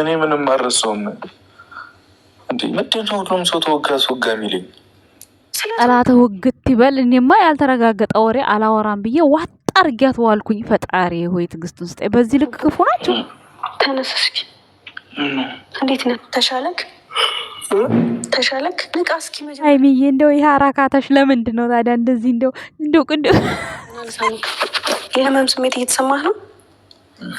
እኔ ምንም አረሰውም እንዴ ምንድን ነው ሁሉም ሰው ተወጋ አስወጋ የሚለኝ? ጠላት ውግት ይበል። እኔማ ያልተረጋገጠ ወሬ አላወራም ብዬ ዋጣ አርጊያት ዋልኩኝ። ፈጣሪ ሆይ ትዕግስቱን ስጠኝ። በዚህ ልክ ክፉ ናቸው። ተነስ እስኪ። እንዴት ነህ? ተሻለክ? ተሻለክ? ንቃ እስኪ። ሀይሚዬ እንደው ይህ አራካታሽ ለምንድን ነው ታዲያ እንደዚህ? እንደው እንደው ቅድ የህመም ስሜት እየተሰማህ ነው?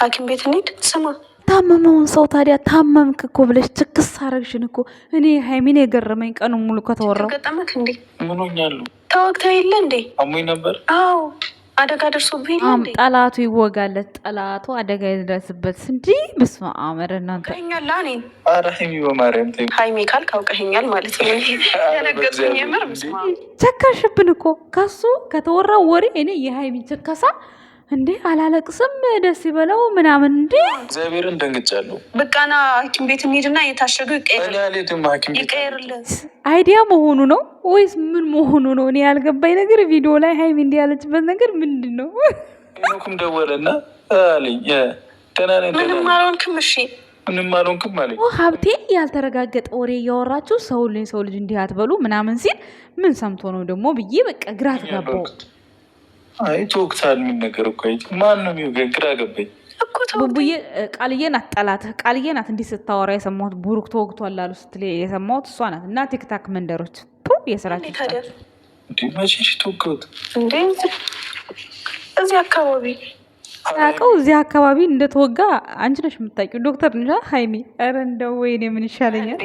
ሐኪም ቤት እንሂድ። ስማ ታመመውን ሰው ታዲያ ታመምክ እኮ ብለሽ ትክስ አረግሽን እኮ። እኔ ሀይሚን የገረመኝ ቀኑ ሙሉ ከተወራው ገጠመክ እንዴ? የለ እንዴ? አሞኝ ነበር። አዎ አደጋ ደርሶብኝ። ጠላቱ ይወጋለት፣ ጠላቱ አደጋ ይደርስበት እንዲ ብስመ አብ ኧረ ሀይሚ ማለት ነው። ቸካሽብን እኮ ከሱ ከተወራው ወሬ እኔ የሀይሚን ቸካሳ እንዴ አላለቅስም፣ ደስ ይበለው ምናምን። እንዴ እግዚአብሔርን ደንግጫለሁ። በቃና ሀኪም ቤት እንሂድና የታሸገው ይቀይርልን። አይዲያ መሆኑ ነው ወይስ ምን መሆኑ ነው? እኔ ያልገባኝ ነገር ቪዲዮ ላይ ሀይሚ እንዲ ያለችበት ነገር ምንድን ነው? ኩም ደወለና አለኝ ደህና ነኝ ምንም አልሆንክም እሺ ሀብቴ ያልተረጋገጠ ወሬ እያወራችሁ ሰው ልኝ ሰው ልጅ እንዲህ አትበሉ ምናምን ሲል ምን ሰምቶ ነው ደግሞ ብዬ በቃ ግራ ተጋባው። አይ ተወቅታል። ምን ነገር እኮ ማን ነው የሚወገን? ግራ ገባኝ እኮ ቡቡዬ። ቃልዬ ናት ጠላት፣ ቃልዬ ናት እንዲህ ስታወራ የሰማሁት። ቡሩክ ተወግቷል አሉ ስትል የሰማሁት እሷ ናት። እና ቲክታክ መንደሮች የስራቸው እዚህ አካባቢ ያቀው እዚህ አካባቢ እንደተወጋ አንቺ ነሽ የምታውቂው። ዶክተር ንሻ ሀይሚ ረ እንደው ወይኔ ምን ይሻለኛል?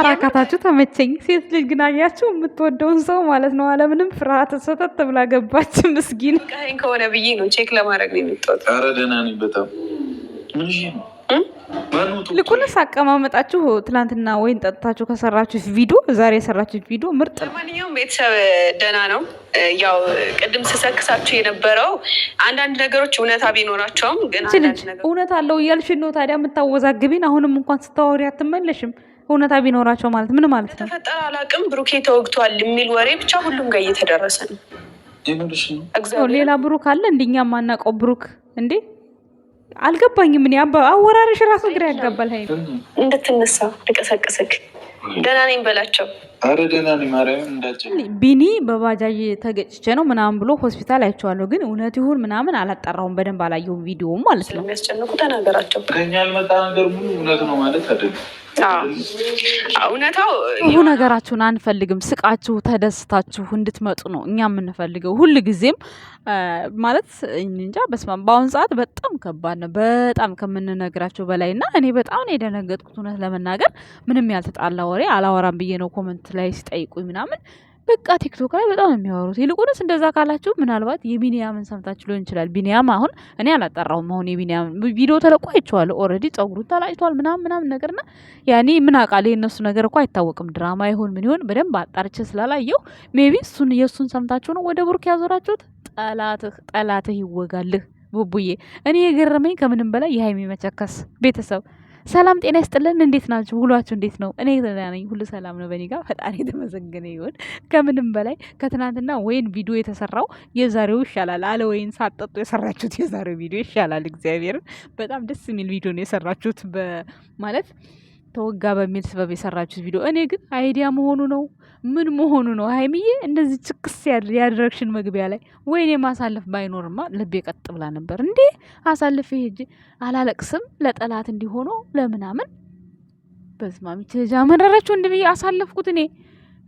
አራካታችሁ ተመቸኝ። ሴት ልጅ ግን አያችሁ የምትወደውን ሰው ማለት ነው። አለምንም ፍርሃት ሰተት ብላ ገባች። ምስጊን ከሆነ ብዬ ነው ቼክ ለማድረግ ነው የሚጠወጥ። አረ ደህና ነኝ በጣም ልኩንስ አቀማመጣችሁ። ትናንትና ወይን ጠጥታችሁ ከሰራችሁ ቪዲዮ ዛሬ የሰራችሁት ቪዲዮ ምርጥ ነው። ማንኛውም ቤተሰብ ደህና ነው። ያው ቅድም ስሰክሳችሁ የነበረው አንዳንድ ነገሮች እውነታ ቢኖራቸውም ግን እውነት አለው እያልሽ ነው ታዲያ የምታወዛግቢን። አሁንም እንኳን ስታወሪ አትመለሽም እውነታ ቢኖራቸው ማለት ምን ማለት ነው? ተፈጠረ አላውቅም። ብሩኬ ተወግቷል የሚል ወሬ ብቻ ሁሉም ጋር እየተደረሰ ነው። ሌላ ብሩክ አለ እንደኛ የማናውቀው ብሩክ እንዴ? አልገባኝም። እኔ አወራረሽ ራሱ ግራ ያጋባል። ሀይ እንድትነሳ ልቀሰቅስክ ደህና ነኝ በላቸው። አረ ደህና ነኝ ማርያም እንዳቸው። ቢኒ በባጃጅ ተገጭቼ ነው ምናምን ብሎ ሆስፒታል አይቼዋለሁ፣ ግን እውነት ይሁን ምናምን አላጠራውም። በደንብ አላየሁም ቪዲዮውም ማለት ነው። ስለሚያስጨንቁ ተናገራቸው። ከኛ ያልመጣ ነገር ሙሉ እውነት ነው ማለት አይደለም። እውነታው ይሁ ነገራችሁን አንፈልግም። ስቃችሁ ተደስታችሁ እንድትመጡ ነው እኛ የምንፈልገው። ሁል ጊዜም ማለት እንጃ በስማ በአሁን ሰዓት በጣም ከባድ ነው፣ በጣም ከምንነግራቸው በላይ እና እኔ በጣም ነው የደነገጥኩት። እውነት ለመናገር ምንም ያልተጣላ ወሬ አላወራም ብዬ ነው ኮመንት ላይ ሲጠይቁኝ ምናምን በቃ ቲክቶክ ላይ በጣም ነው የሚያወሩት። ይልቁንስ እንደዛ ካላችሁ ምናልባት የቢኒያምን ሰምታችሁ ሊሆን ይችላል። ቢኒያም አሁን እኔ አላጠራውም። አሁን የቢኒያም ቪዲዮ ተለቆ አይቼዋለሁ። ኦልሬዲ ጸጉሩን ተላጭቷል ምናምን ምናምን ነገርና ያኔ ምን አውቃለሁ። የእነሱ ነገር እኮ አይታወቅም። ድራማ ይሆን ምን ይሆን በደንብ አጣርቼ ስላላየው ሜቢ እሱን የእሱን ሰምታችሁ ነው ወደ ቡርክ ያዞራችሁት። ጠላትህ ጠላትህ ይወጋልህ ቡቡዬ። እኔ የገረመኝ ከምንም በላይ የሀይሚ መቸከስ ቤተሰብ ሰላም ጤና ይስጥልን። እንዴት ናችሁ? ውሏችሁ እንዴት ነው? እኔ ደህና ነኝ፣ ሁሉ ሰላም ነው በኔ ጋር። ፈጣሪ የተመሰገነ ይሁን። ከምንም በላይ ከትናንትና ወይን ቪዲዮ የተሰራው የዛሬው ይሻላል አለ። ወይን ሳጠጡ የሰራችሁት የዛሬው ቪዲዮ ይሻላል። እግዚአብሔርን በጣም ደስ የሚል ቪዲዮ ነው የሰራችሁት። ማለት ተወጋ በሚል ስበብ የሰራችሁት ቪዲዮ እኔ ግን አይዲያ መሆኑ ነው ምን መሆኑ ነው? ሀይሚዬ እንደዚህ ችክስ ያድረግሽን መግቢያ ላይ ወይኔ ማሳለፍ ባይኖርማ ልቤ ቀጥ ብላ ነበር። እንዴ አሳልፍ ሄጅ አላለቅስም ለጠላት እንዲሆኖ ለምናምን በስማሚ ትጃ መረረችው እንዲ ብዬ አሳለፍኩት እኔ።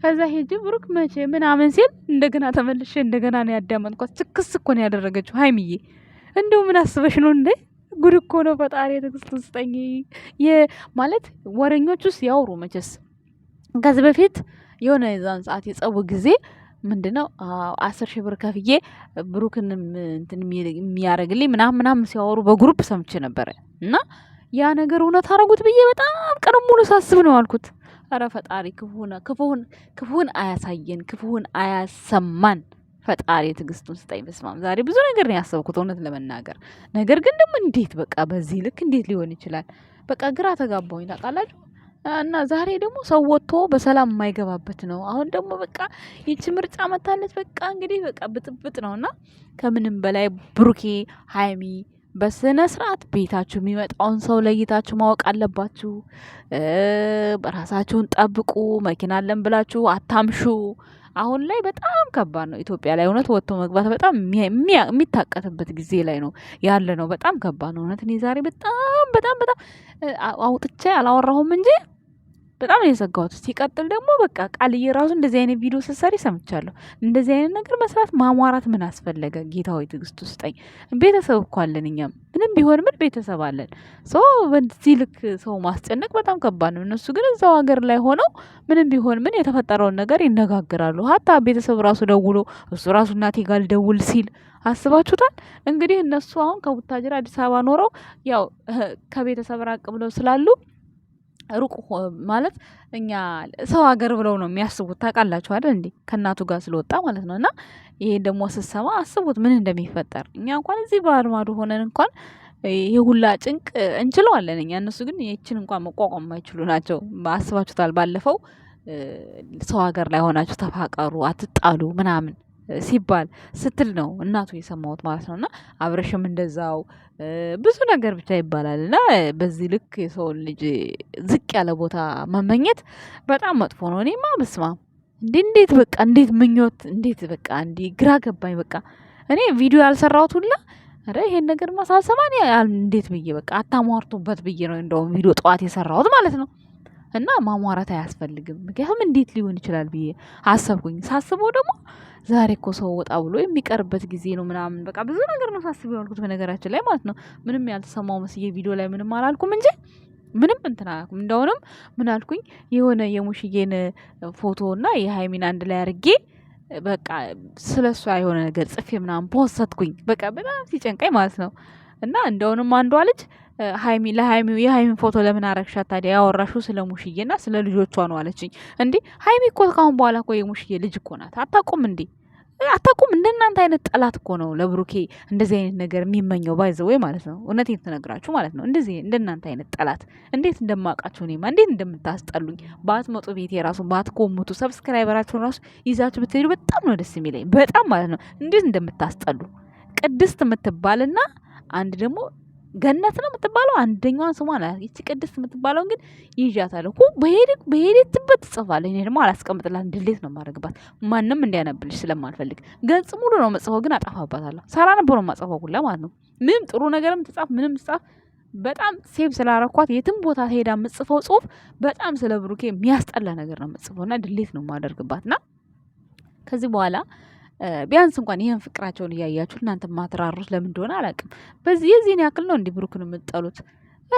ከዛ ሄጅ ብሩክ መቼ ምናምን ሲል እንደገና ተመልሼ እንደገና ነው ያዳመጥኳት። ችክስ እኮ ነው ያደረገችው ሀይሚዬ። እንደው ምን አስበሽ ነው እንዴ? ጉድ እኮ ነው። ፈጣሪ ትዕግስት ስጠኝ ማለት ወረኞች ውስጥ ያውሩ መቼስ ከዚህ በፊት የሆነ የዛን ሰዓት የጸቡ ጊዜ ምንድነው አስር ሺህ ብር ከፍዬ ብሩክን እንትን የሚያደርግልኝ ምናምን ምናምን ሲያወሩ በግሩፕ ሰምቼ ነበረ እና ያ ነገር እውነት አረጉት ብዬ በጣም ቀን ሙሉ ሳስብ ነው አልኩት። አረ ፈጣሪ ክፉን ክፉን አያሳየን፣ ክፉን አያሰማን። ፈጣሪ ትዕግስቱን ስጠኝ። በስማም ዛሬ ብዙ ነገር ነው ያሰብኩት እውነት ለመናገር ነገር ግን ደግሞ እንዴት በቃ በዚህ ልክ እንዴት ሊሆን ይችላል? በቃ ግራ ተጋባሁኝ ታውቃላችሁ። እና ዛሬ ደግሞ ሰው ወጥቶ በሰላም የማይገባበት ነው። አሁን ደግሞ በቃ ይቺ ምርጫ መታለች። በቃ እንግዲህ በቃ ብጥብጥ ነው እና ከምንም በላይ ብሩኬ ሀይሚ በስነ ስርዓት ቤታችሁ የሚመጣውን ሰው ለይታችሁ ማወቅ አለባችሁ። በራሳችሁን ጠብቁ። መኪና አለን ብላችሁ አታምሹ። አሁን ላይ በጣም ከባድ ነው። ኢትዮጵያ ላይ እውነት ወጥቶ መግባት በጣም የሚታቀትበት ጊዜ ላይ ነው ያለ ነው። በጣም ከባድ ነው እውነት። እኔ ዛሬ በጣም በጣም በጣም አውጥቼ አላወራሁም እንጂ በጣም ነው የዘጋሁት። ሲቀጥል ደግሞ በቃ ቃልዬ ራሱ እንደዚህ አይነት ቪዲዮ ስትሰሪ ሰምቻለሁ። እንደዚህ አይነት ነገር መስራት ማሟራት ምን አስፈለገ? ጌታ ሆይ ትዕግስት ቤተሰብ እኮ አለን እኛም ምንም ቢሆን ምን ቤተሰብ አለን። ሰው በዚህ ልክ ሰው ማስጨነቅ በጣም ከባድ ነው። እነሱ ግን እዛው ሀገር ላይ ሆነው ምንም ቢሆን ምን የተፈጠረውን ነገር ይነጋግራሉ። ሀታ ቤተሰብ ራሱ ደውሎ እሱ ራሱ እናቴ ጋር ልደውል ሲል አስባችሁታል። እንግዲህ እነሱ አሁን ከቡታጅር አዲስ አበባ ኖረው ያው ከቤተሰብ ራቅ ብለው ስላሉ ሩቅ ማለት እኛ ሰው ሀገር ብለው ነው የሚያስቡት። ታውቃላችሁ አይደል እንዴ? ከእናቱ ጋር ስለወጣ ማለት ነው። እና ይሄ ደግሞ ስሰማ አስቡት ምን እንደሚፈጠር። እኛ እንኳን እዚህ ባህር ማዶ ሆነን እንኳን ይሄ ሁላ ጭንቅ እንችለዋለን እኛ፣ እነሱ ግን ይችን እንኳን መቋቋም የማይችሉ ናቸው። አስባችሁታል? ባለፈው ሰው ሀገር ላይ ሆናችሁ ተፋቀሩ፣ አትጣሉ ምናምን ሲባል ስትል ነው እናቱ የሰማሁት ማለት ነው። እና አብረሽም እንደዛው ብዙ ነገር ብቻ ይባላል እና በዚህ ልክ የሰውን ልጅ ዝቅ ያለ ቦታ መመኘት በጣም መጥፎ ነው። እኔማ ብስማ እንዴት በቃ እንዴት ምኞት እንዴት በቃ እንዲ ግራ ገባኝ። በቃ እኔ ቪዲዮ ያልሰራሁት ሁላ ኧረ ይሄን ነገር ማሳሰባ እንዴት ብዬ በቃ አታሟርቱበት ብዬ ነው እንደውም ቪዲዮ ጠዋት የሰራሁት ማለት ነው። እና ማሟራት አያስፈልግም። ምክንያቱም እንዴት ሊሆን ይችላል ብዬ አሰብኩኝ። ሳስበው ደግሞ ዛሬ እኮ ሰው ወጣ ብሎ የሚቀርበት ጊዜ ነው ምናምን በቃ ብዙ ነገር ነው ሳስብ የሆንኩት በነገራችን ላይ ማለት ነው። ምንም ያልተሰማው መስዬ ቪዲዮ ላይ ምንም አላልኩም እንጂ ምንም እንትን አላልኩም። እንደውንም ምን አልኩኝ የሆነ የሙሽዬን ፎቶ እና የሀይሚን አንድ ላይ አድርጌ በቃ ስለ እሷ የሆነ ነገር ጽፌ ምናምን ፖስትኩኝ። በቃ በጣም ሲጨንቃኝ ማለት ነው። እና እንደውንም አንዷ ልጅ ሀይሚ ለሀይሚ የሀይሚን ፎቶ ለምን አረግሻት ታዲያ? ያወራሹ ስለ ና ስለ ልጆቿ ነው አለችኝ። እንዴ ሀይሚ እኮ ካሁን በኋላ እኮ የሙሽዬ ልጅ እኮ ናት። አታውቁም እንዴ? አታውቁም? እንደናንተ አይነት ጠላት እኮ ነው ለብሩኬ እንደዚህ አይነት ነገር የሚመኘው ባይዘወይ ማለት ነው። እውነቴን ትነግራችሁ ማለት ነው። እንደዚህ እንደናንተ አይነት ጠላት እንዴት እንደማውቃችሁ እኔማ እንዴት እንደምታስጠሉኝ። ባትመጡ ቤቴ ራሱ ባትኮምቱ፣ ሰብስክራይበራችሁን ራሱ ይዛችሁ ብትሄዱ በጣም ነው ደስ የሚለኝ። በጣም ማለት ነው እንዴት እንደምታስጠሉ ቅድስት የምትባልና አንድ ደግሞ ገነት ነው የምትባለው አንደኛዋን ና ይቺ ቅድስት የምትባለውን ግን ይዣታለሁ። በሄደችበት ትጽፋለች። እኔ ደግሞ አላስቀምጥላት ድሌት ነው የማደርግባት ማንም እንዲያነብልሽ ስለማልፈልግ ገጽ ሙሉ ነው መጽፈው፣ ግን አጠፋባታለሁ። ሳራ ነበሮ ማጽፈው ሁላ ማለት ነው። ምንም ጥሩ ነገርም ትጻፍ ምንም ትጻፍ በጣም ሴብ ስላረኳት የትም ቦታ ሄዳ የምጽፈው ጽሁፍ በጣም ስለ ብሩኬ የሚያስጠላ ነገር ነው የምጽፈው እና ድሌት ነው የማደርግባት ና ከዚህ በኋላ ቢያንስ እንኳን ይህን ፍቅራቸውን እያያችሁ እናንተ ማትራሩት ለምን እንደሆነ አላውቅም። በዚህ የዚህን ያክል ነው እንዲህ ብሩክን የምትጠሉት?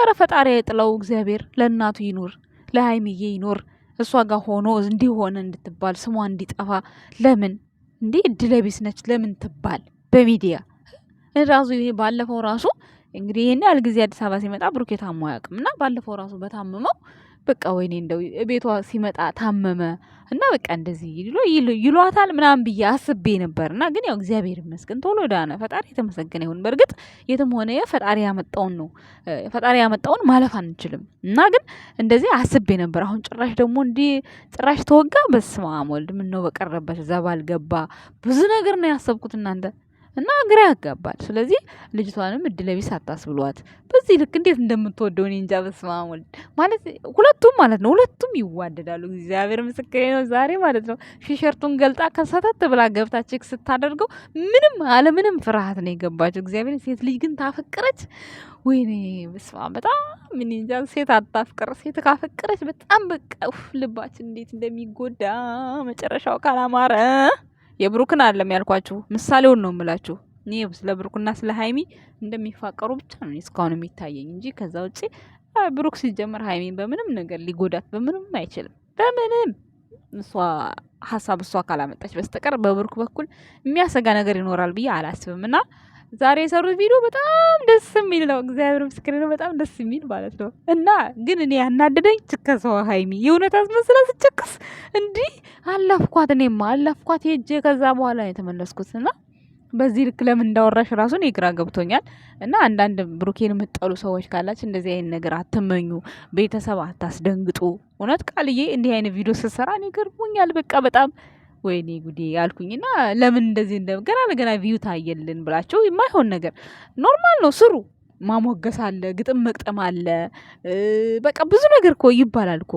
ኧረ ፈጣሪ የጥለው እግዚአብሔር ለእናቱ ይኖር፣ ለሀይምዬ ይኖር። እሷ ጋር ሆኖ እንዲሆነ እንድትባል ስሟ እንዲጠፋ ለምን እንዴ እድለቢስ ነች ለምን ትባል በሚዲያ ራሱ ባለፈው ራሱ እንግዲህ ይህን ያህል ጊዜ አዲስ አበባ ሲመጣ ብሩክ የታመው አያውቅም እና ባለፈው ራሱ በታመመው በቃ ወይኔ እንደው ቤቷ ሲመጣ ታመመ እና በቃ እንደዚህ ይሏታል ምናምን ብዬ አስቤ ነበር። እና ግን ያው እግዚአብሔር ይመስገን ቶሎ ዳነ። ፈጣሪ የተመሰገነ ይሁን። በእርግጥ የትም ሆነ ፈጣሪ ያመጣውን ነው ፈጣሪ ያመጣውን ማለፍ አንችልም። እና ግን እንደዚህ አስቤ ነበር። አሁን ጭራሽ ደግሞ እንዲህ ጭራሽ ተወጋ። በስመ አብ ወልድ፣ ምነው በቀረበት ዘባል ገባ። ብዙ ነገር ነው ያሰብኩት እናንተ እና ግራ ያጋባል። ስለዚህ ልጅቷንም እድለ ቢስ አታስብሏት። በዚህ ልክ እንዴት እንደምትወደው እኔ እንጃ። በስመ አብ ወልድ ማለት ሁለቱም ማለት ነው፣ ሁለቱም ይዋደዳሉ። እግዚአብሔር ምስክሬ ነው። ዛሬ ማለት ነው ሽሸርቱን ገልጣ ከሰተት ብላ ገብታ ቼክ ስታደርገው ምንም አለምንም ፍርሃት ነው የገባቸው። እግዚአብሔር ሴት ልጅ ግን ታፈቅረች። ወይኔ በስመ አብ በጣም እኔ እንጃ። ሴት አታፍቅር። ሴት ካፈቅረች በጣም በቃ ልባችን እንዴት እንደሚጎዳ መጨረሻው ካላማረ የብሩክን አለም ያልኳችሁ ምሳሌውን ነው የምላችሁ። እኔ ስለ ብሩክና ስለ ሀይሚ እንደሚፋቀሩ ብቻ ነው እስካሁን የሚታየኝ እንጂ ከዛ ውጭ ብሩክ ሲጀመር ሀይሚን በምንም ነገር ሊጎዳት በምንም አይችልም። በምንም እሷ ሀሳብ እሷ ካላመጣች በስተቀር በብሩክ በኩል የሚያሰጋ ነገር ይኖራል ብዬ አላስብም እና ዛሬ የሰሩት ቪዲዮ በጣም ደስ የሚል ነው። እግዚአብሔር ምስክር ነው። በጣም ደስ የሚል ማለት ነው። እና ግን እኔ ያናደደኝ ችከሰዋ ሀይሚ የእውነት አስመስላ ስቸክስ እንዲህ አለፍኳት። እኔማ አለፍኳት ሄጄ ከዛ በኋላ ነው የተመለስኩት እና በዚህ ልክ ለምን እንዳወራሽ ራሱን የግራ ገብቶኛል። እና አንዳንድ ብሩኬን የምትጠሉ ሰዎች ካላች እንደዚህ አይነት ነገር አትመኙ፣ ቤተሰብ አታስደንግጡ። እውነት ቃልዬ እንዲህ አይነት ቪዲዮ ስትሰራ እኔ ገርሞኛል። በቃ በጣም ወይኔ ጉዴ አልኩኝ። ለምን እንደዚህ እንደ ገና ለገና ቪዩ ታየልን ብላቸው የማይሆን ነገር ኖርማል ነው። ስሩ ማሞገስ አለ፣ ግጥም መቅጠም አለ። በቃ ብዙ ነገር እኮ ይባላል እኮ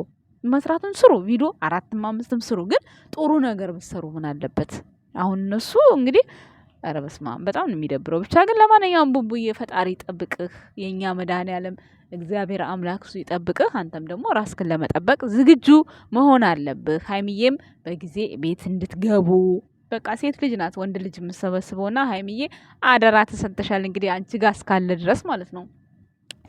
መስራቱን ስሩ። ቪዲዮ አራትም አምስትም ስሩ፣ ግን ጥሩ ነገር ብትሰሩ ምን አለበት? አሁን እነሱ እንግዲህ ኧረ በስመ አብ በጣም ነው የሚደብረው። ብቻ ግን ለማንኛውም ቡቡዬ ፈጣሪ ይጠብቅህ፣ የእኛ መድኃኔዓለም እግዚአብሔር አምላክ እሱ ይጠብቅህ። አንተም ደግሞ ራስክን ለመጠበቅ ዝግጁ መሆን አለብህ። ሀይሚዬም በጊዜ ቤት እንድትገቡ በቃ ሴት ልጅ ናት ወንድ ልጅ የምሰበስበውና ሀይሚዬ አደራ ተሰጥተሻል። እንግዲህ አንቺ ጋር እስካለ ድረስ ማለት ነው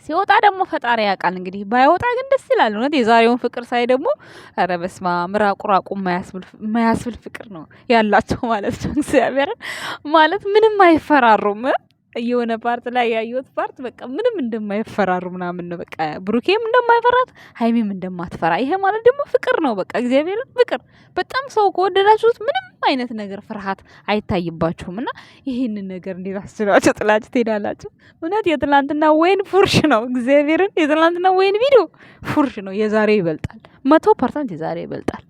ሲወጣ ደግሞ ፈጣሪ ያውቃል። እንግዲህ ባይወጣ ግን ደስ ይላል። እውነት የዛሬውን ፍቅር ሳይ ደግሞ ኧረ በስመ አብ የማያስብል ፍቅር ነው ያላቸው ማለት ነው። እግዚአብሔርን ማለት ምንም አይፈራሩም። የሆነ ፓርት ላይ ያየሁት ፓርት በቃ ምንም እንደማይፈራሩ ምናምን ነው። በቃ ብሩኬም እንደማይፈራት ሀይሜም እንደማትፈራ። ይሄ ማለት ደግሞ ፍቅር ነው። በቃ እግዚአብሔርን ፍቅር በጣም ሰው ከወደዳችሁት ምንም አይነት ነገር ፍርሃት አይታይባችሁም። እና ይህንን ነገር እንዴት አስባችሁ ጥላችሁ ትሄዳላችሁ? እውነት የትላንትና ወይን ፉርሽ ነው። እግዚአብሔርን የትላንትና ወይን ቪዲዮ ፉርሽ ነው። የዛሬ ይበልጣል። መቶ ፐርሰንት የዛሬ ይበልጣል።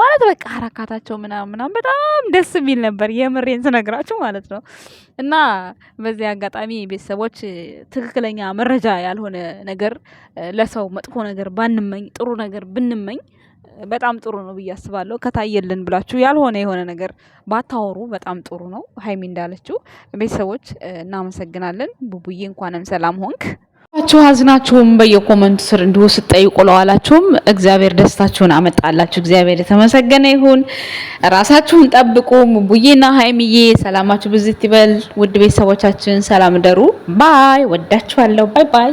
ማለት በቃ አራካታቸው ምናምን ምናምን በጣም ደስ የሚል ነበር፣ የምሬን ስነግራችሁ ማለት ነው። እና በዚህ አጋጣሚ ቤተሰቦች ትክክለኛ መረጃ ያልሆነ ነገር ለሰው መጥፎ ነገር ባንመኝ፣ ጥሩ ነገር ብንመኝ በጣም ጥሩ ነው ብዬ አስባለሁ። ከታየልን ብላችሁ ያልሆነ የሆነ ነገር ባታወሩ በጣም ጥሩ ነው። ሀይሚ እንዳለችው ቤተሰቦች እናመሰግናለን። ቡቡዬ እንኳንም ሰላም ሆንክ። ችሁ ሀዝናችሁም በየኮመንቱ ስር እንዲሁ ስጠይቁ ለዋላችሁም እግዚአብሔር ደስታችሁን አመጣላችሁ። እግዚአብሔር የተመሰገነ ይሁን። ራሳችሁን ጠብቁ። ቡዬና ሀይሚዬ ሰላማችሁ ብዙ ይበል። ውድ ቤተሰቦቻችን ሰላም ደሩ። ባይ ወዳችኋለሁ። ባይ ባይ